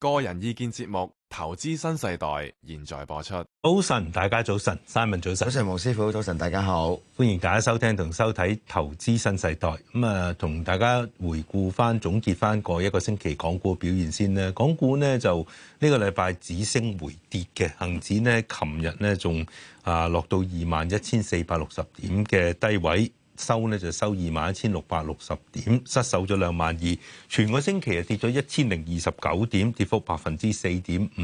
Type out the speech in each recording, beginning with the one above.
個人意見節目《投資新世代》現在播出。早晨，大家早晨，三文早晨，早晨，王師傅早晨，大家好，歡迎大家收聽同收睇《投資新世代》嗯。咁啊，同大家回顧翻、總結翻過一個星期港股表現先咧。港股呢，就呢、這個禮拜止升回跌嘅，恒指呢，琴日呢，仲啊落到二萬一千四百六十點嘅低位。收呢就收二萬一千六百六十點，失守咗兩萬二。全個星期啊跌咗一千零二十九點，跌幅百分之四點五，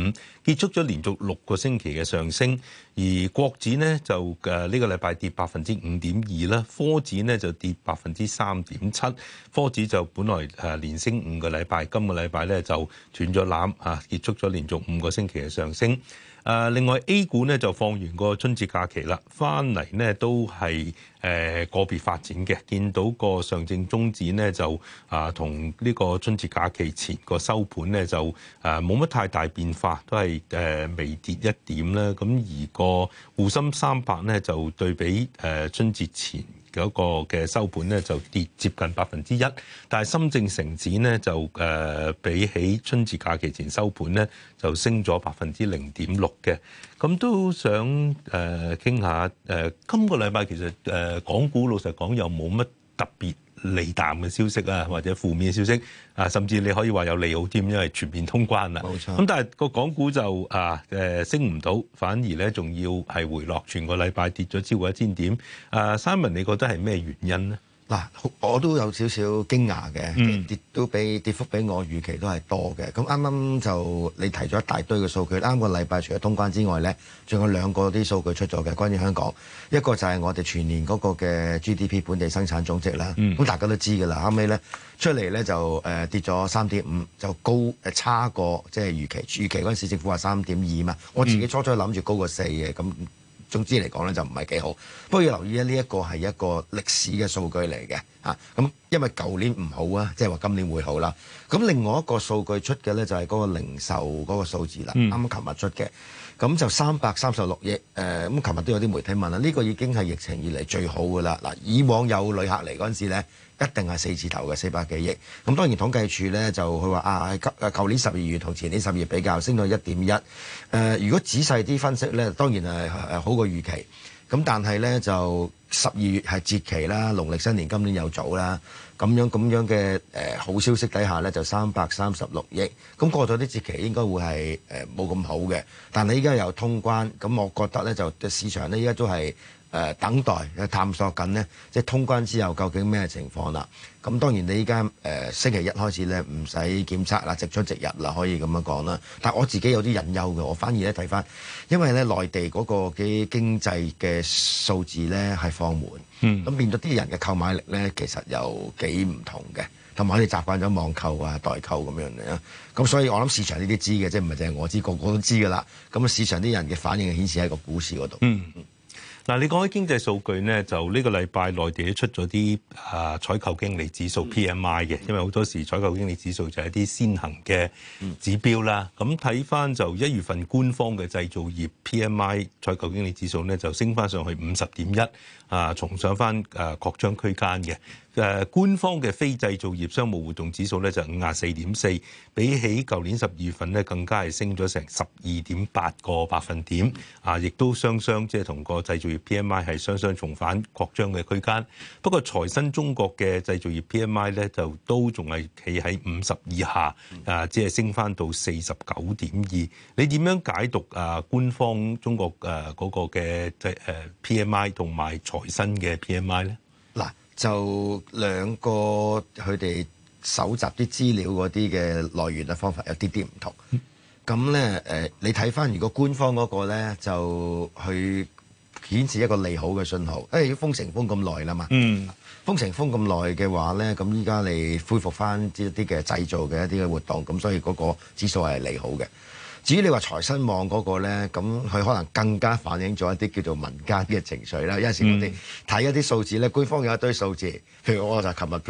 結束咗連續六個星期嘅上升。而國指呢，就誒呢個禮拜跌百分之五點二啦，科指呢，就跌百分之三點七，科指就本來誒連升五個禮拜，今個禮拜咧就斷咗纜啊，結束咗連續五個星期嘅上升。誒另外 A 股咧就放完個春節假期啦，翻嚟咧都係誒、呃、個別發展嘅，見到個上證綜指咧就啊同呢個春節假期前個收盤咧就誒冇乜太大變化，都係誒、呃、微跌一點啦。咁而個滬深三百咧就對比誒、呃、春節前。有個嘅收盤咧就跌接近百分之一，但係深證成指咧就誒、呃、比起春節假期前收盤咧就升咗百分之零點六嘅，咁都想誒傾、呃、下誒、呃、今個禮拜其實誒、呃、港股老實講又冇乜。特別利淡嘅消息啊，或者負面嘅消息啊，甚至你可以話有利好添，因為全面通關啦。冇錯。咁但係個港股就啊誒、呃、升唔到，反而咧仲要係回落，全個禮拜跌咗超過一千點。啊，Simon，你覺得係咩原因咧？嗱、啊，我都有少少驚訝嘅，跌都比跌幅比我預期都係多嘅。咁啱啱就你提咗一大堆嘅數據，啱個禮拜除咗通關之外呢，仲有兩個啲數據出咗嘅，關於香港，一個就係我哋全年嗰個嘅 GDP 本地生產總值啦。咁、嗯、大家都知㗎啦，後尾呢出嚟呢，就誒跌咗三點五，就高誒、呃、差過即係預期，預期嗰陣時政府話三點二嘛，我自己初初諗住高過四嘅咁。總之嚟講咧就唔係幾好，不過要留意咧，呢一個係一個歷史嘅數據嚟嘅。咁因為舊年唔好啊，即係話今年會好啦。咁另外一個數據出嘅呢，就係嗰個零售嗰個數字啦，啱啱琴日出嘅，咁就三百三十六億。誒、呃，咁琴日都有啲媒體問啊，呢、這個已經係疫情以嚟最好㗎啦。嗱，以往有旅客嚟嗰陣時咧，一定係四字頭嘅四百幾億。咁當然統計處呢，就佢話啊，係舊年十二月同前年十二月比較升到一點一。誒、呃，如果仔細啲分析呢，當然係係好過預期。咁但係呢，就十二月係節期啦，農曆新年今年又早啦，咁樣咁樣嘅誒、呃、好消息底下呢，就三百三十六億，咁、嗯、過咗啲節期應該會係誒冇咁好嘅，但係依家又通關，咁我覺得呢，就市場呢，依家都係。誒、呃、等待，誒探索緊咧，即係通關之後究竟咩情況啦、啊？咁、嗯、當然你依家誒星期一開始咧，唔使檢測啦，直出直入啦，可以咁樣講啦。但係我自己有啲隱憂嘅，我反而咧睇翻，因為咧內地嗰個嘅經濟嘅數字咧係放緩，咁變咗啲人嘅購買力咧其實又幾唔同嘅，同埋我哋習慣咗網購啊、代購咁樣咧，咁所以我諗市場啲都知嘅，即係唔係淨係我知，個個都知㗎啦。咁啊，市場啲人嘅反應顯示喺個股市嗰度，嗯。嗱，你講起經濟數據咧，就呢個禮拜內地都出咗啲啊採購經理指數 P M I 嘅，因為好多時採購經理指數就係一啲先行嘅指標啦。咁睇翻就一月份官方嘅製造業 P M I 採購經理指數咧，就升翻上去五十點一啊，重上翻誒擴張區間嘅。誒官方嘅非製造業商務活動指數咧就五十四點四，比起舊年十二月份咧更加係升咗成十二點八個百分點啊！亦都雙雙即係同個製造業 P M I 係雙雙重返擴張嘅區間。不過財新中國嘅製造業 P M I 咧就都仲係企喺五十以下啊，只係升翻到四十九點二。你點樣解讀啊？官方中國誒嗰個嘅即誒 P M I 同埋財新嘅 P M I 咧嗱？就兩個佢哋搜集啲資料嗰啲嘅來源嘅方法有啲啲唔同，咁咧誒，你睇翻如果官方嗰個咧就去顯示一個利好嘅信號，誒封城封咁耐啦嘛，封城封咁耐嘅話咧，咁依家你恢復翻一啲嘅製造嘅一啲嘅活動，咁所以嗰個指數係利好嘅。至於你話財新網嗰個咧，咁佢可能更加反映咗一啲叫做民間嘅情緒啦。有陣時我哋睇一啲數字咧，官方有一堆數字，譬如我就琴日譬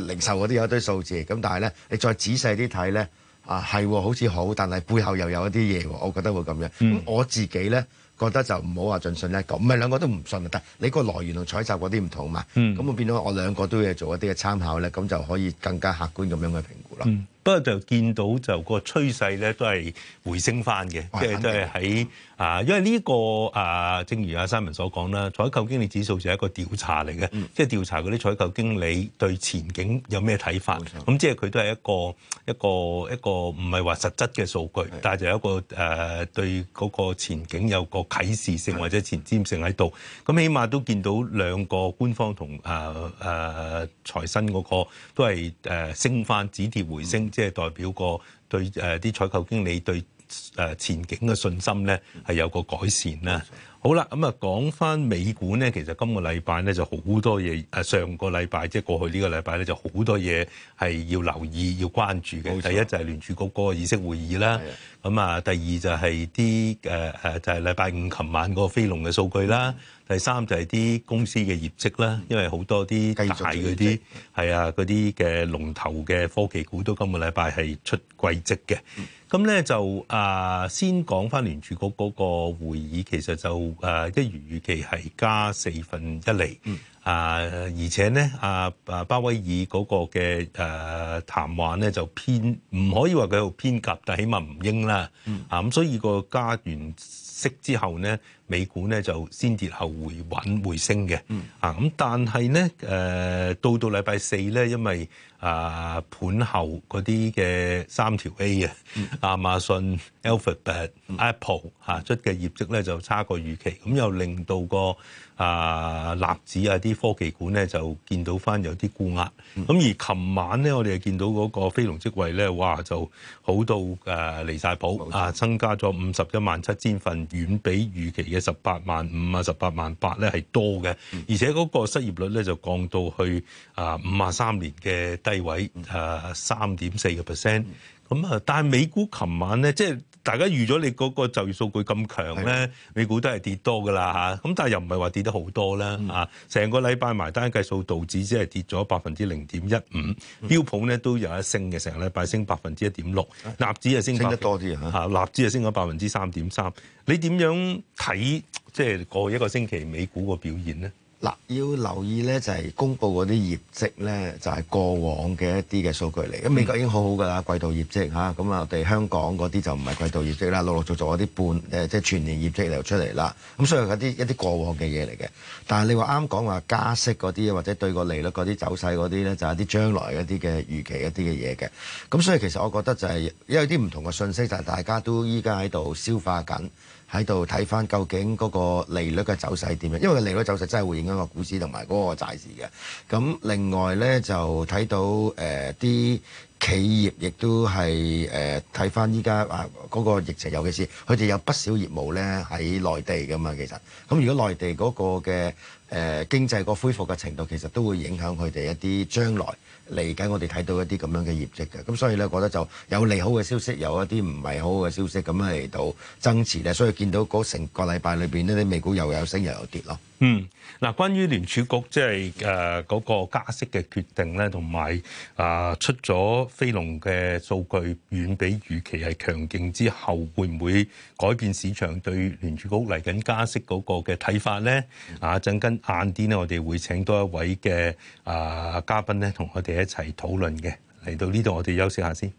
如零售嗰啲有一堆數字，咁但係咧你再仔細啲睇咧，啊係、哦、好似好，但係背後又有一啲嘢，我覺得會咁樣。嗯、我自己咧覺得就唔好話盡信一個，唔係兩個都唔信，就得。你個來源同採集嗰啲唔同嘛。咁我、嗯、變咗我兩個都要做一啲嘅參考咧，咁就可以更加客觀咁樣去評估啦。嗯咁就見到就個趨勢咧，都係回升翻嘅，即係喂都係喺。啊，因為呢個啊，正如阿山文所講啦，採購經理指數就係一個調查嚟嘅，即係調查嗰啲採購經理對前景有咩睇法。咁即係佢都係一個一個一個唔係話實質嘅數據，但係就有一個誒對嗰個前景有個啟示性或者前瞻性喺度。咁起碼都見到兩個官方同誒誒財新嗰個都係誒升翻止跌回升，即係代表個對誒啲採購經理對。誒前景嘅信心咧係有個改善啦。好啦，咁啊講翻美股咧，其實今個禮拜咧就好多嘢。誒上個禮拜即係過去呢個禮拜咧就好多嘢係要留意要關注嘅。第一就係聯儲局嗰個議息會議啦。咁啊的，第二就係啲誒誒就係禮拜五琴晚個非農嘅數據啦。第三就係、是、啲公司嘅業績啦，因為好多啲大嗰啲係啊啲嘅龍頭嘅科技股都今個禮拜係出季績嘅。咁咧、嗯、就啊、呃、先講返聯儲局嗰個會議，其實就誒、呃、一如預期係加四分一釐。嗯啊！而且咧，阿阿鮑威爾嗰個嘅誒談話咧就偏，唔可以話佢有偏鴿，但起碼唔鷹啦。啊，咁所以個加完息之後咧，美股咧就先跌後回穩，回升嘅。啊，咁但係咧，誒到到禮拜四咧，因為啊盤後嗰啲嘅三條 A 啊，亞馬遜、Alphabet、Apple 嚇出嘅業績咧就差過預期，咁又令到個啊納指啊啲。科技股咧就見到翻有啲沽壓，咁而琴晚咧我哋就見到嗰個非農職位咧，哇就好到誒、啊、離晒譜錯啊，增加咗五十一萬七千份，遠比預期嘅十八萬五啊、十八萬八咧係多嘅，而且嗰個失業率咧就降到去啊五十三年嘅低位、嗯、啊三點四個 percent。咁啊、嗯！但係美股琴晚咧，即係大家預咗你嗰個就業數據咁強咧，的美股都係跌多噶啦嚇。咁但係又唔係話跌得好多啦嚇。成、嗯、個禮拜埋單計數，道指只係跌咗百分之零點一五，標、嗯、普咧都有一升嘅，成個禮拜升百分之一點六，納指啊升，升得多啲嚇，納指啊升咗百分之三點三。你點樣睇即係過一個星期美股個表現咧？嗱，要留意咧就係公佈嗰啲業績咧，就係過往嘅一啲嘅數據嚟。咁美國已經好好㗎啦，季度業績嚇。咁啊，我哋香港嗰啲就唔係季度業績啦，陸陸續續嗰啲半誒，即係全年業績流出嚟啦。咁所以嗰啲一啲過往嘅嘢嚟嘅。但係你話啱講話加息嗰啲，或者對個利率嗰啲走勢嗰啲咧，就係啲將來一啲嘅預期一啲嘅嘢嘅。咁所以其實我覺得就係因為啲唔同嘅信息，就係大家都依家喺度消化緊，喺度睇翻究竟嗰個利率嘅走勢點樣，因為個利率走勢真係會影嗰股市同埋嗰個債市嘅，咁另外咧就睇到誒啲、呃、企業亦都係誒睇翻依家啊嗰、嗰個疫情，尤其是佢哋有不少業務咧喺內地噶嘛，其實咁如果內地嗰個嘅。誒經濟個恢復嘅程度，其實都會影響佢哋一啲將來嚟緊，我哋睇到一啲咁樣嘅業績嘅。咁所以咧，覺得就有利好嘅消息，有一啲唔係好嘅消息咁嚟到爭持咧。所以見到嗰成個禮拜裏邊呢，啲美股又有升又有跌咯。嗯，嗱，關於聯儲局即係誒嗰個加息嘅決定咧，同埋啊出咗非農嘅數據遠比預期係強勁之後，會唔會改變市場對聯儲局嚟緊加息嗰個嘅睇法咧？啊，曾根。晏啲我哋會請多一位嘅、呃、嘉賓同我哋一齊討論嘅。嚟到呢度，我哋休息下先。